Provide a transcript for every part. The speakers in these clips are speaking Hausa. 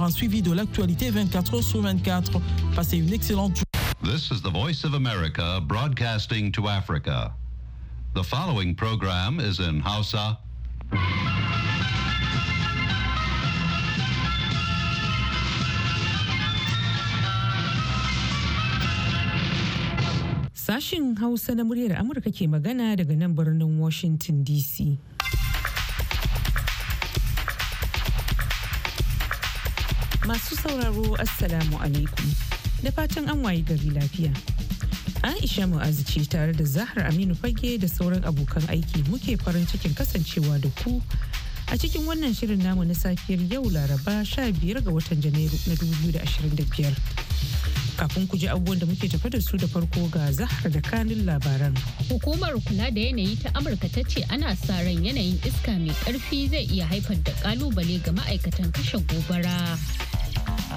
pour un suivi de l'actualité 24 heures sur 24. Passez une excellente journée. This is the Voice of America broadcasting to Africa. The following program is in Hausa. Sashin Hausa na muryar Amurka ke magana daga nan birnin Washington DC. Masu sauraro Assalamu alaikum. Da fatan an waye gari lafiya. Aisha mu ce tare da Zahar Aminu Fage da sauran abokan aiki muke farin cikin kasancewa da ku a cikin wannan shirin namu na safiyar yau Laraba 15 ga watan Janairu na 2025. Kafin ku ji abubuwan da muke tafa da su da farko ga Zahar da kanin labaran. Hukumar kula da yanayi ta Amurka ta ce ana sa ran yanayin iska mai karfi zai iya haifar da kalubale ga ma'aikatan kashe gobara.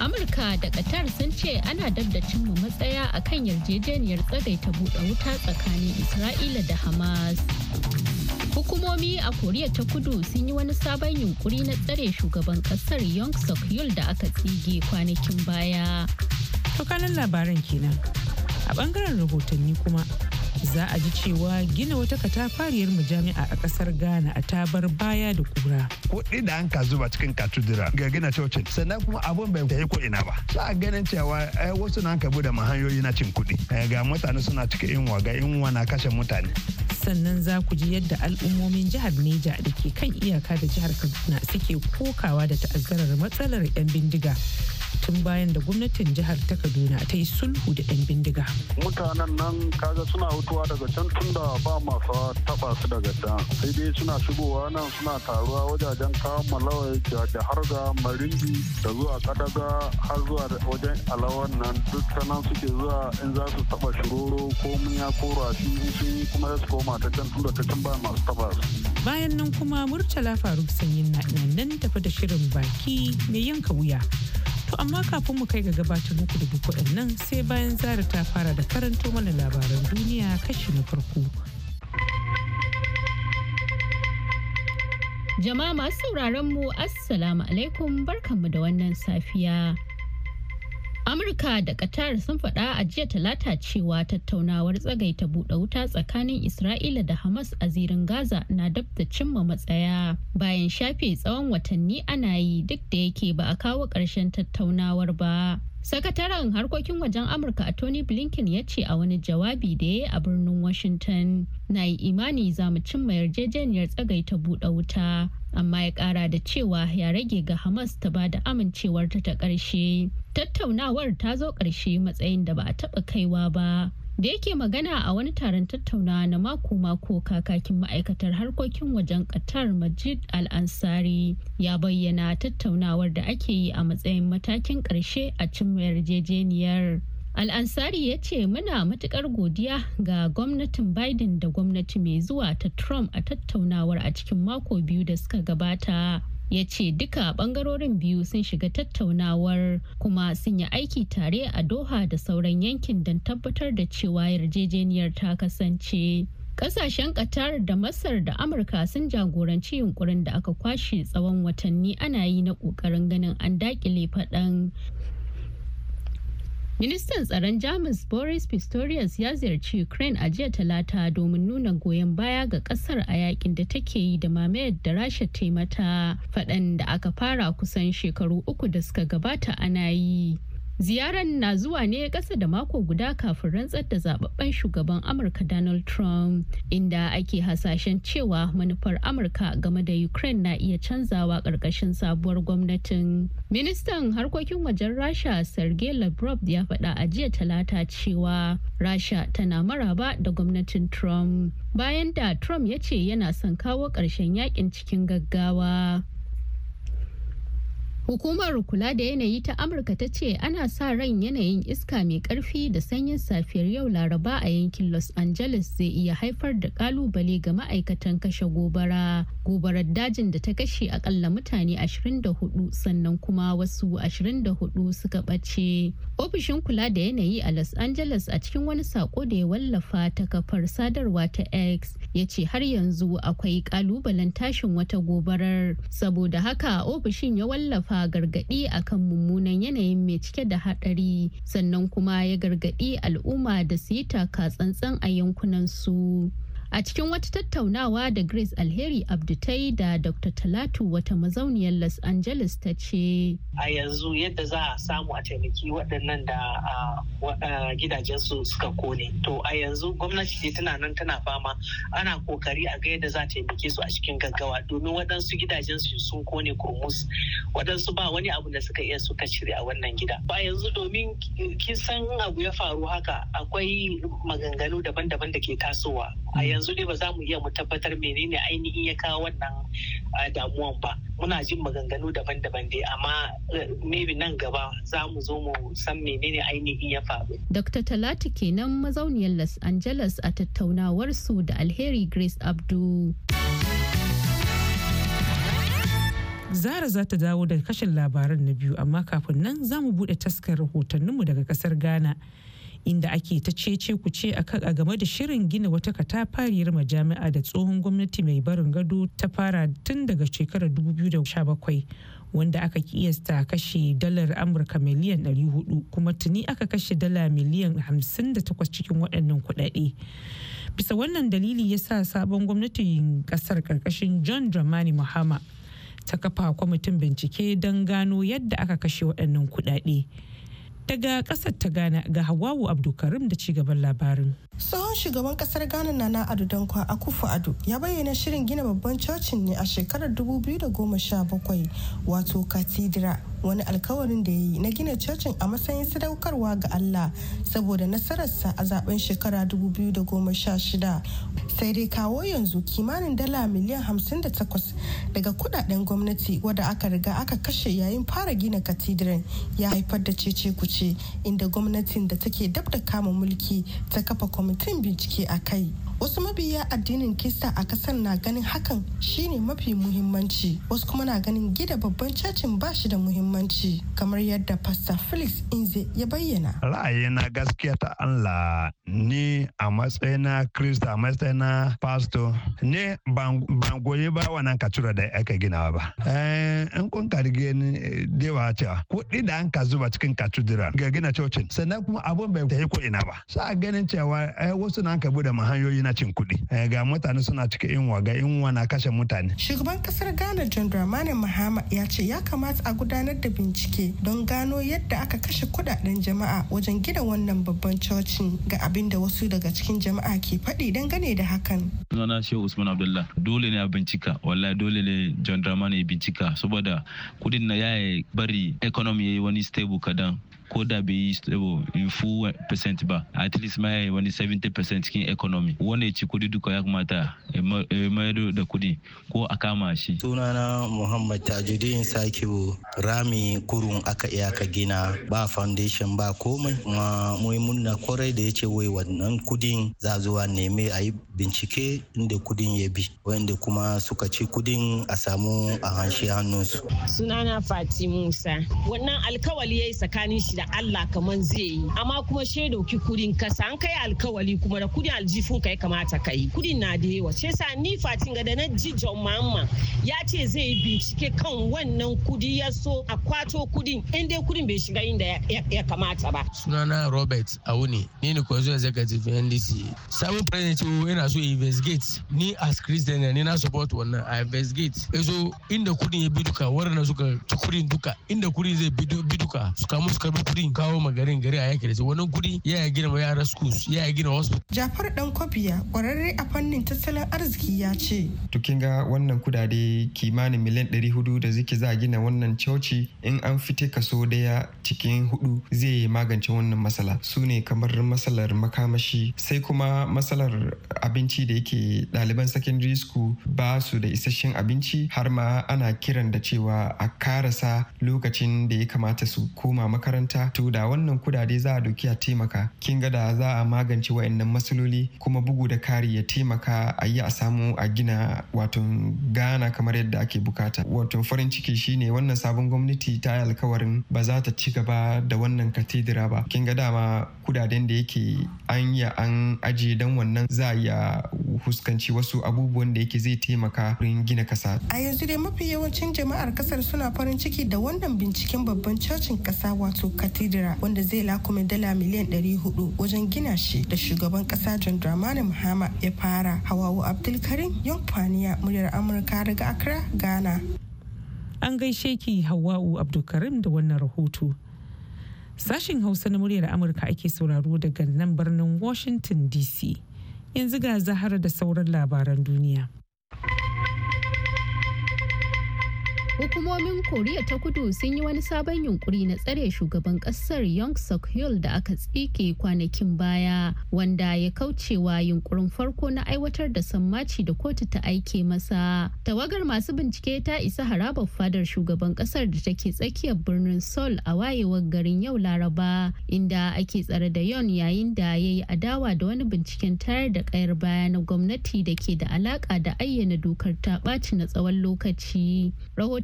amurka da qatar sun ce ana dab mu cimma matsaya akan yarjejeniyar tsagaita buɗe wuta tsakanin isra'ila da hamas hukumomi a koriya ta kudu sun yi wani sabon yunkuri na tsare shugaban kasar yong suk yul da aka tsige kwanakin baya tukanin labaran kenan a bangaren rahotanni kuma za a ji cewa gina wata katafariyar majami'a a kasar ghana a tabar baya da kura kuɗi da an ka zuba cikin katudira ga gina cocin sannan kuma abun bai ta yi ko ina ba za a ganin cewa eh, wasu na ka bude hanyoyi na cin kuɗi eh, ga mutane suna cika inwa ga inwa na kashe mutane sannan za ku ji yadda al'ummomin jihar neja da ke kan iyaka da jihar kaduna suke kokawa da ta'azzarar matsalar 'yan bindiga tun bayan da gwamnatin jihar ta kaduna ta yi sulhu da 'yan bindiga mutanen nan kaga suna hutuwa daga can tun da ba masu taba su daga can sai dai suna shigowa nan suna taruwa wajajen kawo malawa da harga maringi da zuwa kadaga har zuwa wajen alawan nan duk sanan suke zuwa in za su taba shiroro ko miya ko rafi sun yi kuma su koma ta can tun da ta can ba masu taba su bayan nan kuma murtala faruk sanyin na nan tafi da shirin baki mai yanka wuya To amma kafin mu kai ga gabatar muku da duk nan sai bayan zara ta fara da karanto mana labaran duniya kashi na farko. Jama'a masu sauraron mu Assalamu alaikum barkanmu da wannan safiya. Amurka da Qatar sun faɗa a jiya talata cewa tattaunawar tsagaita buɗe wuta tsakanin Isra'ila da Hamas a zirin Gaza na dab da cimma matsaya bayan shafe tsawon watanni ana yi duk da yake ba a kawo ƙarshen tattaunawar ba. Sakataren harkokin wajen Amurka a Tony Blinken ya ce a wani jawabi da ya a birnin Washington, na yi imani za mu cimma yarjejeniyar tsagaita buɗe wuta amma ya kara da cewa ya rage ga hamas ta ba da amincewarta ta ƙarshe tattaunawar ta zo ƙarshe matsayin da ba a taɓa kaiwa ba da yake magana a wani taron tattaunawa na mako-mako kakakin ma'aikatar harkokin wajen qatar majid al-ansari ya bayyana tattaunawar da ake yi a matsayin matakin ƙarshe a cin yarjejeniyar Al'ansari ya ce muna matukar godiya ga gwamnatin Biden da gwamnati mai zuwa ta Trump a tattaunawar a cikin mako biyu da suka gabata. ya ce duka bangarorin biyu sun shiga tattaunawar kuma sun yi aiki tare a doha da sauran yankin don tabbatar da cewa yarjejeniyar ta kasance kasashen qatar da masar da amurka sun jagoranci yunkurin da aka kwashe tsawon watanni ana yi na ƙoƙarin ganin an dakile faɗan Ministan tsaron Jamus Boris Pistorius ya ziyarci Ukraine a jiya talata domin nuna goyon baya ga kasar a yakin da take yi da mamayar da Rasha taimata, mata faɗan da aka fara kusan shekaru uku da suka gabata ana yi. Ziyarar na zuwa ne ƙasa da mako guda kafin rantsar da zababben shugaban Amurka Donald Trump, inda ake hasashen cewa manufar Amurka game da Ukraine na iya canzawa ƙarƙashin sabuwar gwamnatin. Ministan harkokin wajen Rasha Sergei Lavrov ya faɗa a jiya talata cewa Rasha tana maraba da gwamnatin Trump, bayan da Trump ya ce yana son kawo ƙarshen yakin cikin gaggawa. Hukumar kula da yanayi ta Amurka ta ce ana sa ran yanayin iska mai karfi da sanyin safiyar yau Laraba a yankin Los Angeles zai iya haifar da kalubale ga ma'aikatan kashe gobara. Gobarar dajin da ta kashe akalla mutane 24 sannan kuma wasu 24 suka ɓace. Ofishin kula da yanayi a Los Angeles a cikin wani sako da ya wallafa ta kafar sadarwa ta X ya ce har yanzu akwai kalubalen tashin wata gobarar. Saboda haka ofishin ya wallafa kafa gargaɗi kan mummunan yanayin mai cike da haɗari sannan kuma ya gargaɗi al'umma da su yi taka tsantsan a yankunan su. a cikin wata tattaunawa da grace alheri abdutai da dr talatu wata mazauniyar los angeles ta ce a yanzu yadda za a samu a taimaki waɗannan da gidajensu suka kone to a yanzu gwamnati ce tana nan tana fama ana kokari a ga yadda za a taimake su a cikin gaggawa domin waɗansu gidajensu sun kone kurmus waɗansu ba wani abu da suka iya suka cire a wannan gida ba yanzu domin kin san abu ya faru haka akwai maganganu daban-daban da ke tasowa a mm. yanzu yanzu dai ba za mu iya mu tabbatar menene ainihin ya kawo wannan damuwan ba muna jin maganganu daban-daban dai amma eh, maybe nan gaba za mu zo mu san menene ainihin ya faru. Dr. Talatu kenan mazauniyar Los Angeles a tattaunawar su da Alheri Grace Abdu. Zara za ta dawo daga kashin labaran na biyu amma kafin nan za mu buɗe taskar rahotanninmu daga ƙasar Ghana. inda ake ta cece ku ce a game da shirin gina wata katafariyar majami'a da tsohon gwamnati mai barin gado ta fara tun daga shekarar 2017 wanda aka kiyasta kashe dalar amurka miliyan 400 kuma tuni aka kashe dala miliyan 58 cikin waɗannan kuɗaɗe bisa wannan dalili ya sa sabon gwamnatin ƙasar ƙarƙashin john dramani muhammad ta kafa kwamitin bincike don gano yadda aka kashe waɗannan kuɗaɗe. daga kasar ta Ghana ga Hawawu Abdulkarim da cigaban labarin. Tsohon shugaban kasar Ghana Nana don Dankwa Akufo adu ya bayyana shirin gina babban cocin ne a shekarar 2017 wato katidira wani alkawarin da ya yi na gina cocin a matsayin sadaukarwa ga Allah saboda nasararsa a zaben shekara 2016 sai dai kawo yanzu kimanin dala miliyan 58 daga kudaden gwamnati wadda aka riga aka kashe yayin fara gina katidiran ya haifar da cece kuce ce inda gwamnatin da take dab da kama mulki ta kafa kwamitin bincike a kai wasu mabiya addinin kista a kasar na ganin hakan shine mafi muhimmanci wasu kuma na ganin gida babban cocin ba shi da muhimmanci kamar yadda pastor felix inze ya bayyana ra'ayina gaskiya ta allah ni a matsayina krista a matsayina pasto ne ban goyi ba wannan kacura da aka ginawa ba eh, in kun karge ni eh, dewa cewa kuɗi da an ka zuba cikin kacudura ga gina cocin sannan kuma abun bai ta yi ko ina ba sa ganin cewa eh, wasu na an ka bude mahanyoyi na cin kuɗi eh, ga mutane suna cika inwa ga inwa na kashe mutane shugaban kasar ghana john dramani mahama ya ce ya kamata a gudanar da bincike don gano yadda aka kashe kuɗaɗen jama'a wajen gina wannan babban cocin ga abin da wasu daga cikin jama'a ke faɗi dangane da hakan sunana shehu usman abdullah dole ne a bincika wallahi dole ne john dramani ya bincika saboda kuɗin na ya bari economy ya yi wani stable kadan ko da bai yi stable in full percent ba at least ma yayi wani 70 percent cikin economy wanda ya ci kudi duka ya kamata ya da kudi ko a kama shi sunana muhammad tajudin sake rami kurun aka iya ka gina ba foundation ba komai kuma muhimmin kwarai da ya ce wai wannan kudin za zuwa neme a yi bincike inda kudin ya bi wanda kuma suka ci kudin a samu a hanshi hannunsu sunana fati musa wannan alkawali ya yi tsakanin shi shi da Allah kaman zai yi amma kuma she dauki kudin kasa an kai alkawali kuma da kudin aljifun ka ya kamata ka yi kudin na da yawa shi yasa ni fatin ga da na ji John Mahama ya ce zai yi bincike kan wannan kudi ya so a kwato kudin in dai kudin bai shiga inda ya kamata ba sunana Robert Awuni ni ne consular executive NDC sabon president yana so investigate ni as Christian ne na support wannan a investigate yazo inda kudin ya bi duka waɗanda suka ci kudin duka inda kudin zai bi duka su kamu su karbi kudin kawo ma garin gari a yake da wani kudi ya gina yara schools ya gina hospital Jafar dan kwabiya kwararre a fannin tattalin arziki ya ce tukin ga wannan kudade kimanin miliyan 400 da zike za a gina wannan coci in an fite kaso daya cikin hudu zai magance wannan matsala su ne kamar matsalar makamashi sai kuma matsalar abinci da yake ɗaliban secondary school ba su da isasshen abinci har ma ana kiran da cewa a karasa lokacin da ya kamata su koma makaranta ta to da wannan kudade za a doki a taimaka kin ga da za a magance wayannan matsaloli kuma bugu da kari ya taimaka a yi a samu a gina wato gana kamar yadda ake bukata wato farin ciki shine wannan sabon gwamnati ta yi alkawarin ba za ta ci gaba da wannan katedira ba kin ga dama kudaden da yake an ya an ajiye dan wannan za a iya fuskanci wasu abubuwan da yake zai taimaka wurin gina kasa a yanzu dai mafi yawancin jama'ar kasar suna farin ciki da wannan binciken babban cocin kasa wato katidira wanda zai lakume dala miliyan 400 wajen gina shi da shugaban kasa john dramani muhammad ya fara hawawu abdulkarim yankwaniya muryar amurka daga accra ghana an gaishe ki hawa'u abdulkarim da wannan rahoto sashen hausa na muryar amurka ake sauraro daga nan birnin washington dc yanzu ga zahara da sauran labaran duniya hukumomin koriya ta kudu sun yi wani sabon yunkuri na tsare shugaban kasar yong suk da aka tsike kwanakin baya wanda ya kaucewa yunkurin farko na aiwatar da sammaci da kotu ta aike masa tawagar masu bincike ta isa harabar fadar shugaban kasar da take tsakiyar birnin seoul a wayewar garin yau laraba inda ake tsare da yon yayin da ya yi adawa da wani binciken tayar da kayar baya na gwamnati da ke da alaka da ayyana dokar ta ɓaci na tsawon lokaci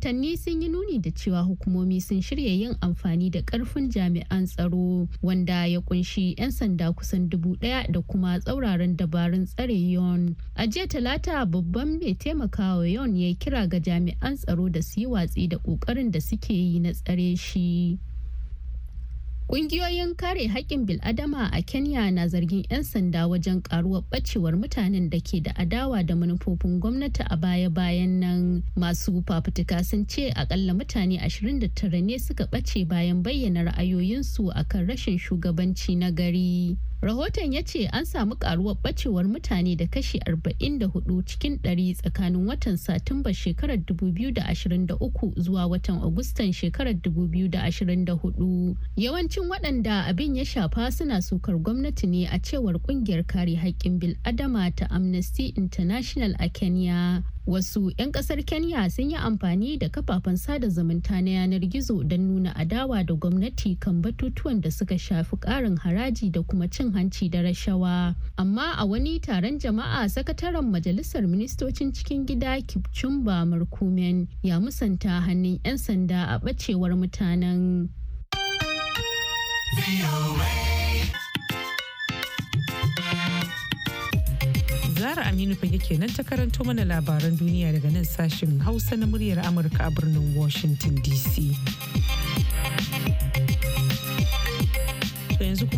rahotanni sun yi nuni da cewa hukumomi sun shirya yin amfani da karfin jami'an tsaro wanda ya kunshi 'yan sanda kusan dubu daya da kuma tsauraran dabarun tsare yon a jiya talata babban mai taimakawa yon ya kira ga jami'an tsaro da su yi watsi da kokarin da suke yi na tsare shi Ƙungiyoyin kare haƙƙin bil'adama a Kenya na zargin 'yan sanda wajen ƙaruwar ɓacewar mutanen da ke da adawa da manufofin gwamnati a baya-bayan nan. Masu fafutuka sun ce akalla mutane 29 ne suka ɓace bayan bayyana ra'ayoyinsu akan rashin shugabanci na gari. rahoton ya ce an samu karuwar bacewar mutane da kashi 44 cikin 100 tsakanin watan satumba shekarar 2023 zuwa watan agustan shekarar 2024 yawancin waɗanda abin ya shafa suna sukar gwamnati ne a cewar ƙungiyar kare haƙƙin bil'adama ta amnesty international a kenya wasu 'yan ƙasar kenya sun yi amfani da kafafen sada zumunta na yanar gizo don nuna adawa da gwamnati kan batutuwan da suka shafi ƙarin haraji da kuma cin hanci da rashawa amma a wani taron jama'a sakataren majalisar ministocin cikin gida kipchumba markumen ya musanta hannun 'yan sanda a bacewar mutanen Zara Aminu fage kenan ta karanto mana labaran duniya daga nan sashen Hausa na muryar Amurka a birnin Washington DC.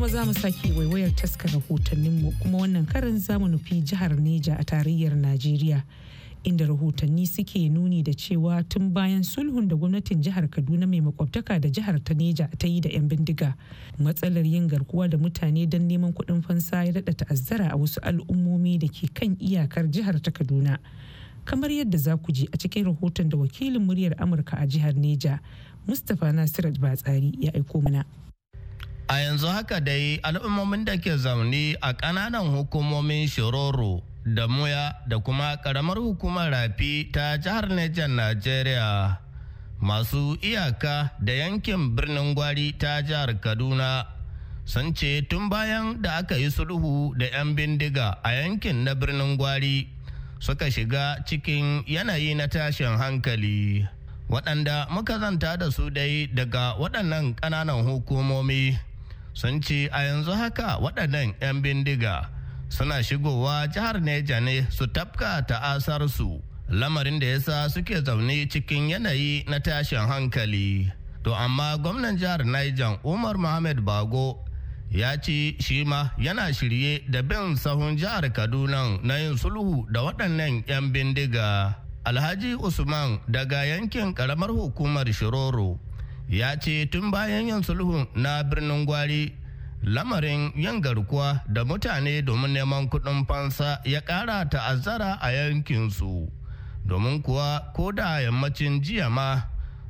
kuma za mu sake waiwayar taskar rahotanninmu kuma wannan karin zamu nufi jihar Neja a tarayyar Najeriya. Inda rahotanni suke nuni da cewa tun bayan sulhun da gwamnatin jihar Kaduna mai makwabtaka da jihar ta Neja ta yi da 'yan bindiga. Matsalar yin garkuwa da mutane don neman kuɗin fansa ya daɗa ta'azzara a wasu al'ummomi da ke kan iyakar jihar ta Kaduna. Kamar yadda za ku ji a cikin rahoton da wakilin muryar Amurka a jihar Neja, Mustapha Nasirat Batsari ya aiko mana. A yanzu haka dai al'ummomin da ke zaune a ƙananan hukumomin Shiroro da Muya da kuma ƙaramar hukumar Rafi ta jihar Nijar Najeriya masu iyaka da yankin birnin Gwari ta jihar Kaduna sun ce tun bayan da aka yi sulhu da 'yan bindiga a yankin na birnin Gwari suka shiga cikin yanayi na tashin hankali. Waɗanda muka zanta da su dai daga waɗannan ƙananan hukumomi. sun ce a yanzu haka waɗannan 'yan bindiga suna shigowa jihar neja ne su tafka ta'asarsu lamarin da yasa suke zaune cikin yanayi na tashin hankali to amma gwamnan jihar niger umar mohamed bago ya ce shi ma yana shirye da bin sahun jihar kaduna na yin sulhu da waɗannan 'yan bindiga alhaji usman daga yankin ƙaramar hukumar shiroro ya ce tun bayan yin sulhu na birnin gwari lamarin yin garkuwa da mutane domin neman kuɗin fansa ya ƙara ta'azzara a yankinsu domin kuwa ko da yammacin jiya ma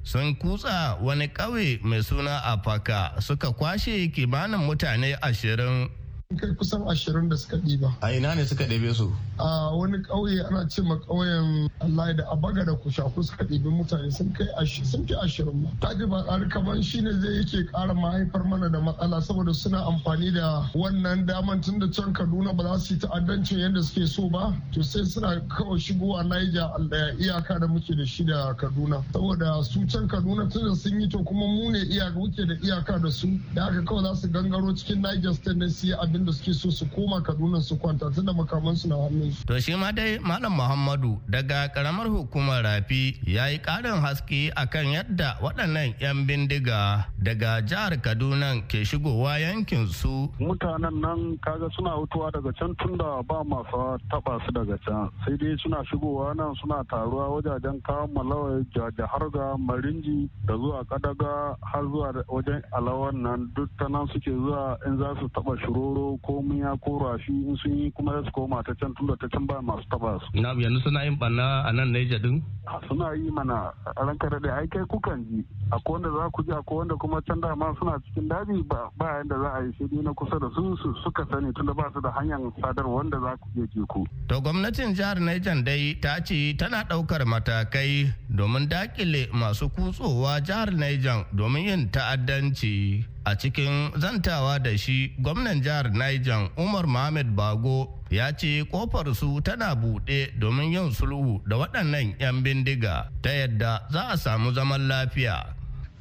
sun kutsa wani ƙauye mai suna afaka suka kwashe kimanin mutane ashirin kai kusan ashirin da suka ɗiba a ina ne suka ɗebe su a wani ƙauye ana ce ma ƙauyen Allah da abaga da kushaku suka ɗebi mutane sun kai sun fi ashirin ma. ta ba ƙari kaman shi ne zai yake ƙara mahaifar mana da matsala saboda suna amfani da wannan daman tun da can Kaduna ba za su yi ta'addancin yadda suke so ba to sai suna kawai shigowa Niger iyaka da muke da shi da Kaduna saboda su can Kaduna tun da sun yi to kuma mu ne iyaka muke da iyaka da su da haka kawai za su gangaro cikin Niger State ne su yi abin da suke so su koma Kaduna su kwanta tun da makamansu na hannun To shi ma dai Malam Muhammadu daga karamar hukumar Rafi ya yi ƙarin haske akan yadda waɗannan 'yan bindiga daga jihar Kaduna ke shigowa yankin su. Mutanen nan kaga suna hutuwa daga can tun da ba masu taɓa su daga can. Sai dai suna shigowa nan suna taruwa wajajen kawo malawa harga marinji da zuwa kadaga har zuwa wajen alawan nan duk ta nan suke zuwa in za su taɓa shiroro ko miya ko rafi in sun yi kuma su koma ta can tun saboda ta can ba masu taba su. Na yanzu suna yin banna a nan Niger din? Suna yi mana a ranka da ai kai kukan ji. Akwai wanda za ku ji akwai wanda kuma can ma suna cikin daji ba yanda za a yi sai na kusa da su suka sani tunda ba su da hanyar sadarwa wanda za ku je ku. To gwamnatin jihar Niger dai ta ce tana ɗaukar matakai domin dakile masu kutsowa jihar Niger domin yin ta'addanci. a cikin zantawa da shi gwamnan jihar Niger Umar Mohamed Bago ya ce kofar su tana buɗe domin yin sulhu da waɗannan 'yan bindiga ta yadda za a samu zaman lafiya.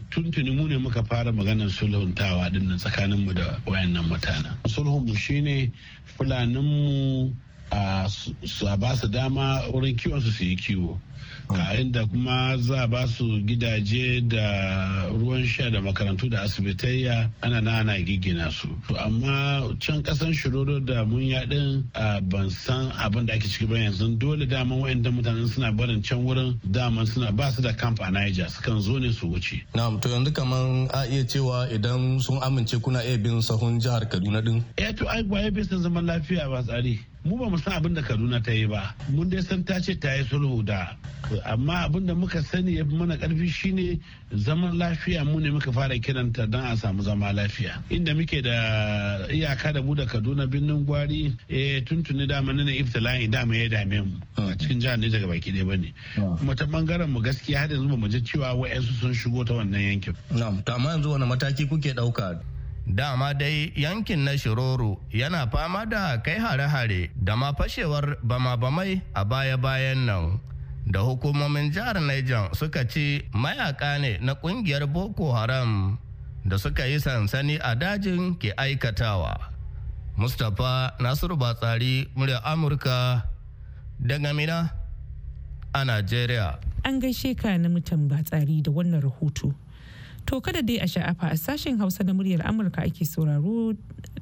tuntuni mu ne muka fara maganar sulhuntawa tsakanin tsakaninmu da wayannan mutanen. mu shine fulaninmu a ba su dama wurin kiwon su su yi kiwo. yayin kuma za a ba su gidaje da ruwan sha da makarantu da asibitaiya ana na ana giggina su amma can kasan shiroro da mun yaɗin a ban san abin da ake ciki ba yanzu dole daman wa'anda mutanen suna barin can wurin daman suna ba su da camp a Niger sukan zo ne su wuce na'am to yanzu kaman a iya cewa idan sun amince kuna iya bin sahun jihar Kaduna din eh to ai gwaye bisa zaman lafiya ba tsari mu ba mu san abin da Kaduna ta yi ba mun dai san ta ce ta yi sulhu da amma abin da muka sani ya fi mana karfi shine zaman lafiya mu ne muka fara kiranta don a samu zama lafiya inda muke da iyaka da mu da kaduna birnin gwari eh tuntuni dama nan iftila'i dama ya dame mu ah. a cikin jihar ne daga ah. baki ne bane kuma ta bangaren mu gaskiya har yanzu bamu ji cewa wa'yansu sun shigo ta wannan yankin na'am to amma yanzu wani mataki kuke ɗauka dama dai yankin na shiroro yana fama da kai hare-hare da ma fashewar bama-bamai a baya-bayan nan da hukumomin jihar Niger suka ce mayaka ne na kungiyar Boko Haram da suka yi sansani a dajin ke aikatawa. Mustapha Nasiru Batsari murya Amurka daga Mina a Najeriya. An gaishe ka na mutan Batsari da wannan rahoto. To kada dai a sha'afa a sashen Hausa na muryar Amurka ake sauraro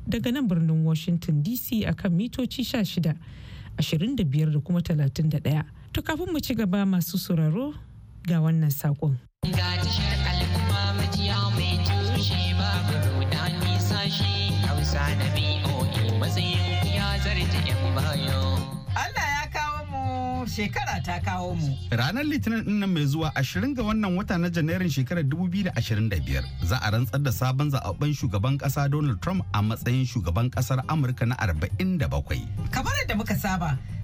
daga nan birnin Washington DC akan mitoci 16, 25 da kuma 31. To kafin mu ci gaba masu sauraro ga wannan sakon. Ga tashar mai babu hausa ya bayo. Allah ya kawo mu shekara ta kawo mu. Ranar Litinin din nan mai zuwa 20 ga wannan wata na Janairun shekarar 2025 za a rantsar da sabon zaɓen shugaban ƙasa Donald Trump a matsayin shugaban ƙasar Amurka na 47. Kamar da muka saba,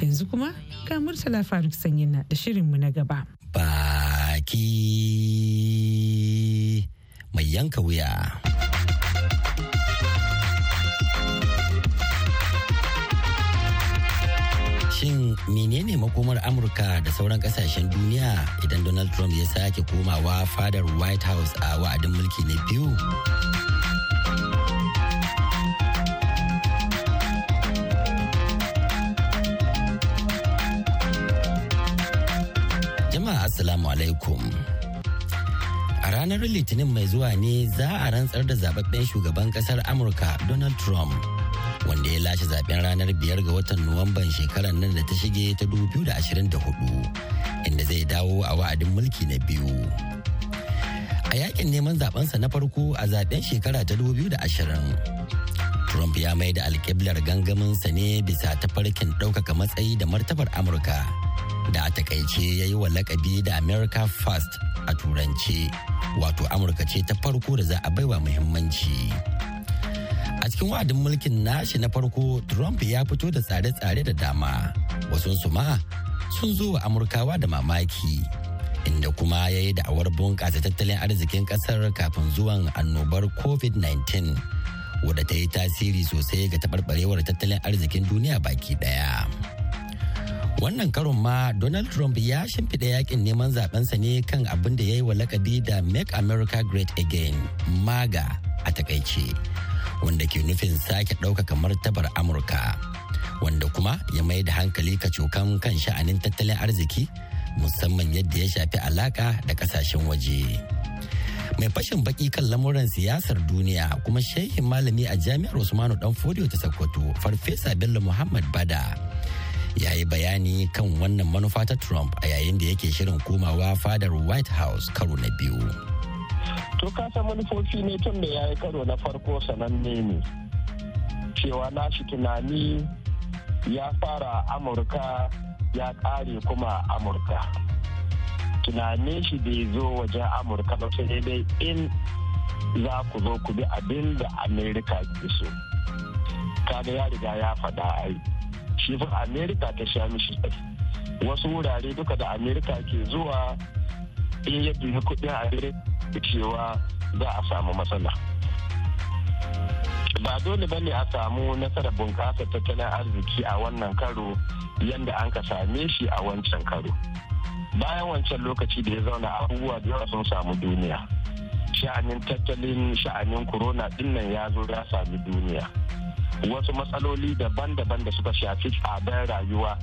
Yanzu kuma ga Murtala Faruk Sanyina da shirinmu na gaba. Baki mai yanka wuya. Shin menene makomar Amurka da sauran kasashen duniya idan Donald Trump ya sake komawa fadar White House a wa'adin mulki na biyu? alaikum. A ranar Litinin mai zuwa ne za a rantsar da zababben shugaban kasar Amurka Donald Trump wanda ya lashe zaben ranar biyar ga watan Nuwamban shekarar nan da ta shige ta 2024 inda zai dawo a wa'adin mulki na biyu. A yakin neman zabensa na farko a zaben shekara ta 2020. Trump ya mai da alkiblar gangaminsa ne bisa tafarkin ɗaukaka matsayi da martabar Amurka. da a takaice ya yi wa lakabi da America First a turance wato Amurka ce ta farko da za a baiwa muhimmanci. A cikin wa'adin mulkin nashi na farko Trump ya fito da tsare-tsare da dama wasu su ma sun zo wa Amurkawa da mamaki. Inda kuma ya yi da'awar bunƙasa tattalin arzikin ƙasar kafin zuwan annobar COVID-19 wadda ta yi tasiri sosai ga taɓarɓarewar tattalin arzikin duniya baki ɗaya. Wannan karon ma Donald Trump ya shimfiɗa yakin neman zaɓensa ne kan abin da ya yi wa lakabi da Make America Great Again, MAGA a takaice, wanda ke nufin sake ɗaukaka martabar Amurka, wanda kuma ya mai da hankali ka kacokan kan sha'anin tattalin arziki musamman yadda ya shafi alaka da kasashen waje. mai fashin baki kan lamuran siyasar duniya kuma shehin malami a jami'ar usmanu dan fodiyo ta sokoto farfesa bello muhammad bada ya yi bayani kan wannan manufa ta trump a yayin da yake shirin komawa fadar white house karo na biyu to kasa manufofi ne tun da ya yi karo na farko sananne ne cewa na shi tunani ya fara amurka ya kare kuma amurka tunanin shi bai zo wajen amurka ba sai dai in za ku zo ku bi abin da amerika ke so kaga ya riga ya faɗa ai shi fa amerika ta sha mishi wasu wurare duka da amerika ke zuwa in ya biya kudin amerika cewa za a samu matsala ba dole ba ne a samu nasarar bunƙasa tattalin arziki a wannan karo yadda an ka same shi a wancan karo bayan wancan lokaci da ya zauna abubuwa da yawa sun samu duniya sha'anin tattalin sha'anin corona dinnan ya zo ya sami duniya wasu matsaloli daban-daban da suka shafi tsadar rayuwa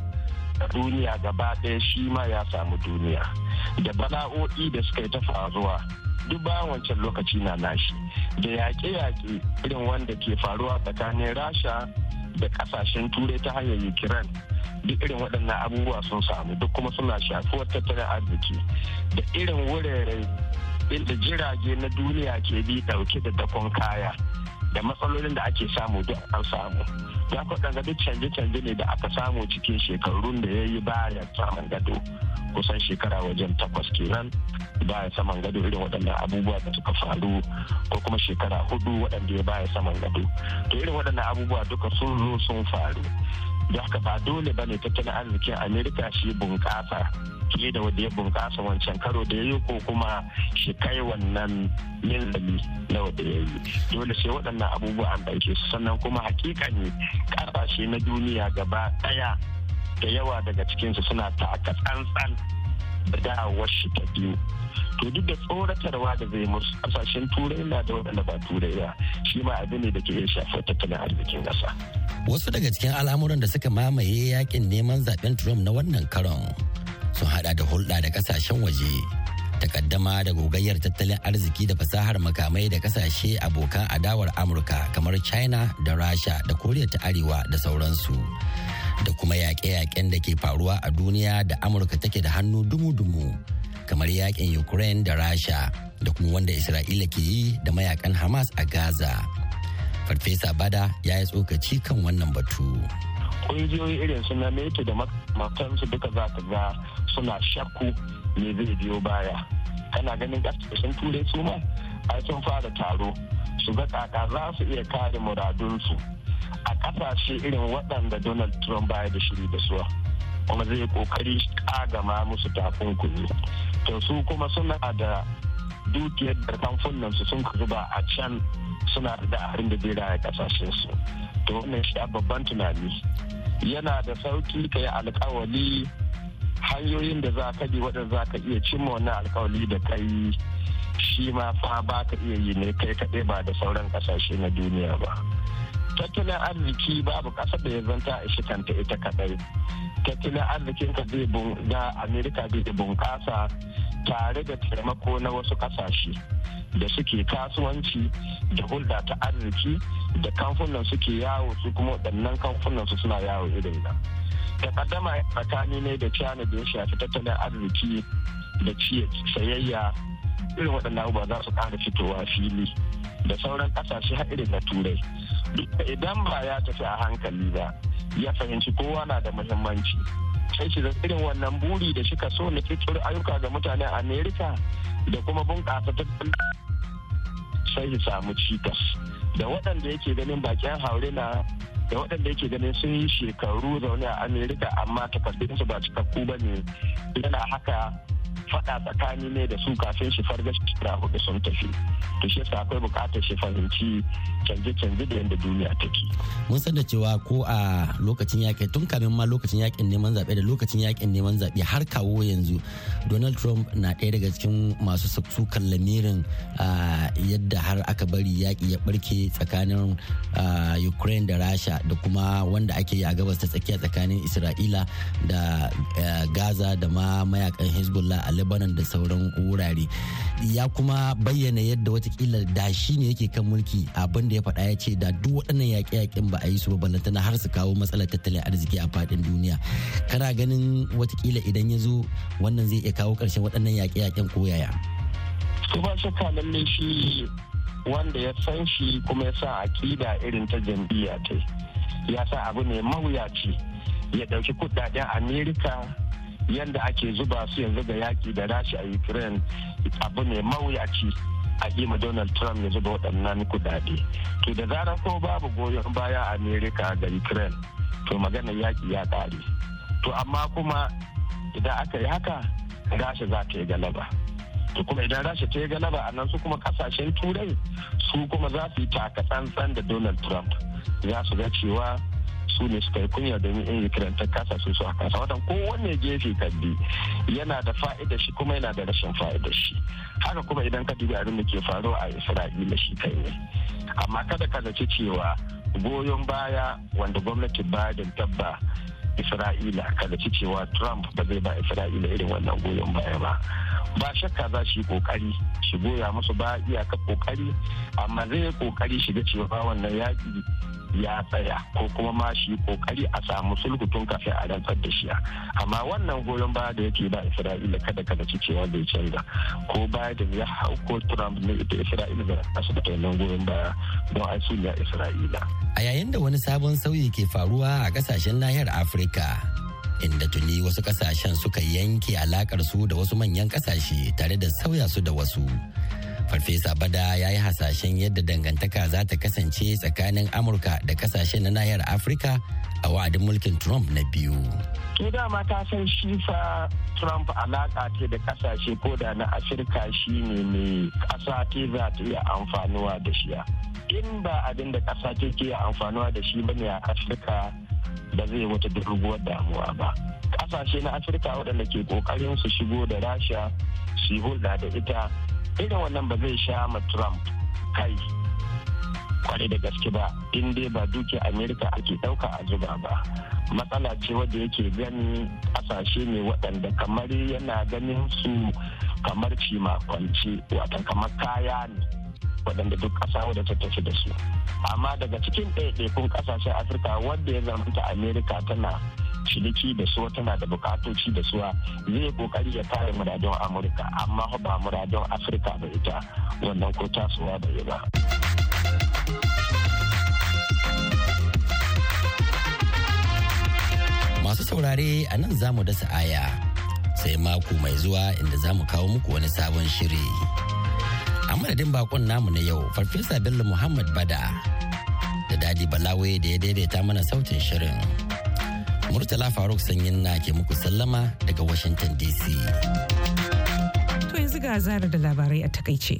duniya gaba ɗaya shi ma ya samu duniya da bala'o'i da suka yi ta faruwa duk bayan wancan lokaci na nashi da yaƙe-yaƙe irin wanda ke faruwa tsakanin rasha da ƙasashen turai ta hanyar ukraine duk irin waɗannan abubuwa sun samu duk kuma suna shafuwar tattalin arziki da irin wurare inda jirage na duniya ke bi ɗauke da dakon kaya da matsalolin da ake samu duk an samu ya kwaɗa duk canje-canje ne da aka samu cikin shekarun da ya yi baya saman gado kusan shekara wajen takwas kenan baya saman gado irin waɗannan abubuwa da suka faru ko kuma shekara hudu waɗanda ya baya saman gado to irin waɗannan abubuwa duka sun zo sun faru da haka ba dole ba ne tattalin arzikin amerika shi bunƙasa fiye da wanda ya bunkasa wancan karo da ya yi ko kuma shi kai wannan minzali na wanda ya yi dole sai waɗannan abubuwa an ɗauke su sannan kuma hakika ne ƙasashe na duniya gaba ɗaya da yawa daga cikinsu suna taka tsantsan da dawowar shi ta biyu to duk da tsoratarwa da zai musu kasashen turai na da waɗanda ba turai ba shi ma abu ne da ke iya shafar tattalin arzikin ƙasa. wasu daga cikin al'amuran da suka mamaye yakin neman zaben trump na wannan karon sun hada da hulɗa da kasashen waje takaddama da gogayyar tattalin arziki da fasahar makamai da kasashe abokan adawar amurka kamar china da rasha da koriya ta arewa da sauransu da kuma yaƙe-yaƙen da ke faruwa a duniya da amurka take da hannu dumu-dumu kamar yaƙin ukraine da rasha da kuma wanda isra'ila ke yi da mayakan hamas a gaza farfesa bada ya yi tsokaci kan wannan batu ƙungiyoyi irin su na da duka za ta suna shakku me zai biyo baya kana ganin kasashen turai su ma ai sun fara taro su ga kaka za su iya kare muradunsu a ƙasashe irin waɗanda donald trump baya da shiri da suwa kuma zai kokari kagama musu takunkumi to su kuma suna da dukiyar da kamfunan su sun zuba a can suna da abin da zai a kasashen su to wannan shi a babban tunani yana da sauki ka yi alkawali hanyoyin da za ka bi waɗanda za ka iya cimma wannan alkawali da kai shi ma fa ba ka iya yi ne kai kaɗai ba da sauran ƙasashe na duniya ba tattalin arziki babu ƙasar da ya zanta a shi ita kaɗai tattalin arzikin ka zai bunga amerika zai bunƙasa tare da taimako na wasu ƙasashe da suke kasuwanci da hulɗa ta arziki da kamfunan suke yawo su kuma waɗannan kamfunan su suna yawo irin nan takaddama tsakani ne da china da ya shafi tattalin arziki da ciye sayayya irin waɗannan abubuwa za su ƙara fitowa fili da sauran ƙasashe har irin na turai idan ba ya tafi a hankali ba ya fahimci kowa na da muhimmanci sai shi irin wannan buri da shika so na fitar ayyuka ga mutanen amerika da kuma bunƙasa tattalin sai su samu cikas da waɗanda yake ganin bakin haure na da waɗanda yake ganin sun yi shekaru zaune a amerika amma takardunsu ba cikakku ba ne yana haka faɗa tsakani ne da su kafin shi farga shekara hudu sun tafi to shi yasa akwai bukatar shi fahimci canje-canje da yadda duniya take. mun san da cewa ko a lokacin yaƙi tun kamin ma lokacin yaƙin neman zaɓe da lokacin yaƙin neman zaɓe har kawo yanzu donald trump na ɗaya daga cikin masu sukan lamirin yadda har aka bari yaƙi ya ɓarke tsakanin ukraine da rasha da kuma wanda ake yi a gabas ta tsakiya tsakanin isra'ila da gaza da ma mayakan hezbollah a lebanon da sauran wurare ya kuma bayyana yadda watakila da shi ne yake kan mulki abin da ya faɗa ya ce da duk waɗannan yaƙe-yaƙen ba a yi su ba ballantana har su kawo matsalar tattalin arziki a faɗin duniya kana ganin watakila idan ya zo wannan zai iya kawo ƙarshen waɗannan yaƙe-yaƙen ko yaya. su ba shakka lallai shi wanda ya san shi kuma ya sa akida irin ta jam'iyya ta ya sa abu ne mawuyaci ya ɗauki kudaden amerika yadda ake zuba su yanzu ga yaƙi da rashi a ukraine abu ne mawuyaci a ima donald trump ya zuba waɗannan kudade to da zarar ko babu goyon baya a america ga ukraine to magana yaƙi ya ƙare to amma kuma idan aka yi haka rashi za ta yi galaba to kuma idan rashi ta yi galaba a nan su kuma kasashen turai su kuma za su yi takatsantsan da donald trump za su ga cewa su ne suka yi kunya domin in ukraine ta kasa su su a kasa watan kowanne gefe kalli yana da fa'idar shi kuma yana da rashin fa'idar shi haka kuma idan ka dubi abin da ke faruwa a isra'ila shi kai ne amma kada ka zaci cewa goyon baya wanda gwamnati biden tabba isra'ila ka ci cewa trump ba zai ba isra'ila irin wannan goyon baya ba ba shakka za shi kokari shi goya musu ba iyaka kokari amma zai yi kokari shiga cewa wannan yaƙi ya tsaya ko kuma ma shi kokari a samu sulhutun tun kafin a rantsar da shi amma wannan goyon baya da yake ba isra'ila kada kada ci cewa bai canza ko baya da ya hau ko trump ne ita isra'ila ba a su da wannan goyon baya don a su ne isra'ila a yayin da wani sabon sauyi ke faruwa a kasashen nahiyar afirka inda tuni wasu kasashen suka yanke alakar su da wasu manyan kasashe tare da sauya su da wasu Farfesa Bada ya yi hasashen yadda dangantaka za ta kasance tsakanin Amurka da kasashen na nahiyar Afirka a wa'adin mulkin Trump na biyu. Ke dama ta san shi fa Trump alaƙa ce da kasashe ko da na Afirka shi ne mai ƙasa ce za ta iya amfanuwa da shi. In ba abin da ƙasa ta ke amfanuwa da shi bane a Afirka ba zai wata durguwar damuwa ba. Ƙasashe na Afirka waɗanda ke ƙoƙarin su shigo da Rasha su yi hulɗa da ita irin wannan ba zai sha ma trump kai kwarai da gaske ba in dai ba duke amerika ake dauka a zuba ba matsala ce wadda yake gani kasashe ne waɗanda kamar yana ganin su kamar cima makonci kamar kaya ne waɗanda duk ƙasa wadda ta tafi da su amma daga cikin ɗaiɗaikun ƙasashen afirka wadda ya zamanta amerika tana ciniki da suwa tana da bukatoci da suwa zai kokari ya kare muradun amurka amma ba muradun afirka da ita wannan ko tasowa da ba. masu saurare a nan za mu dasa aya sai mako mai zuwa inda za mu kawo muku wani sabon shiri a madadin bakon namu na yau farfesa bello muhammad bada da dadi balawe da ya daidaita mana sautin shirin. Murtala Faruk Sanyin na ke muku sallama daga Washington DC. To yanzu ga zara da labarai a takaice.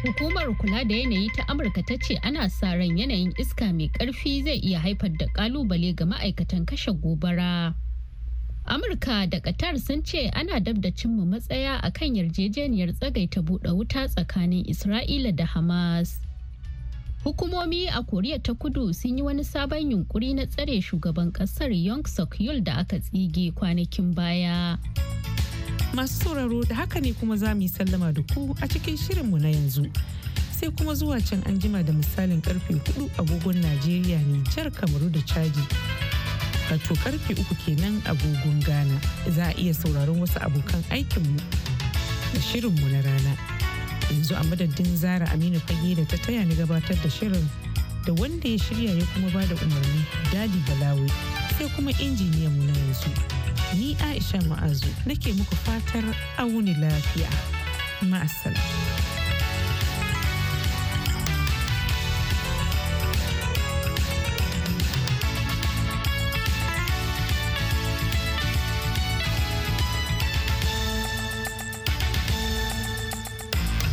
Hukumar kula da yanayi ta Amurka ta ce ana sa ran yanayin iska mai ƙarfi zai iya haifar da ƙalubale ga ma'aikatan kashe gobara. Amurka da Qatar sun ce ana dab da cimma matsaya akan yarjejeniyar tsagaita buɗe wuta tsakanin Isra'ila da Hamas. Hukumomi a Koriya ta Kudu sun yi wani sabon yunkuri na tsare shugaban kasar Yong Suk Yul da aka tsige kwanakin baya. Masu sauraro da haka ne kuma za mu yi sallama da ku a cikin shirin mu na yanzu. Sai kuma zuwa can an jima da misalin karfe 4 agogon Najeriya jar Kamaru da Chadi. Wato karfe uku kenan agogon Ghana. Za a iya sauraron wasu abokan aikinmu da mu na rana. yanzu a madadin zara aminu fage da ta taya ni gabatar da shirin da wanda ya shirya ya kuma ba da umarni dadi balawe sai kuma injiniyan mu na yanzu ni aisha ma'azu nake muku fatar auni lafiya ma'asala